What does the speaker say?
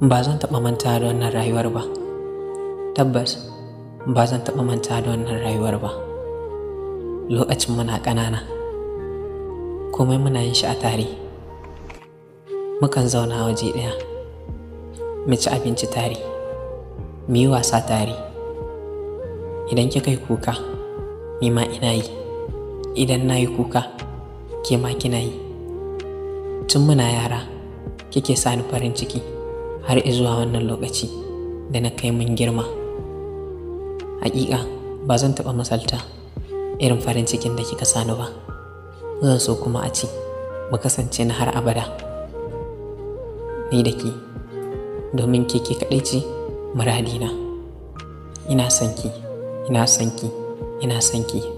ba zan taɓa manta da wannan rayuwar ba tabbas ba zan taɓa manta da wannan rayuwar ba lokacin muna ƙanana komai muna yin shi a tare mukan zauna waje ɗaya mu ci abinci tare mu yi wasa tare idan kika yi kuka ni ma ina yi idan na yi kuka ke ma kina yi tun muna yara kike sani farin ciki har izuwa wannan lokaci da na kai mun girma hakika ba zan taɓa misalta irin farin cikin da kika sani ba zan so kuma a ci mu kasance na har abada ni da ki domin ke ke kaɗai ce muradina ina son ki ina son ki ina son ki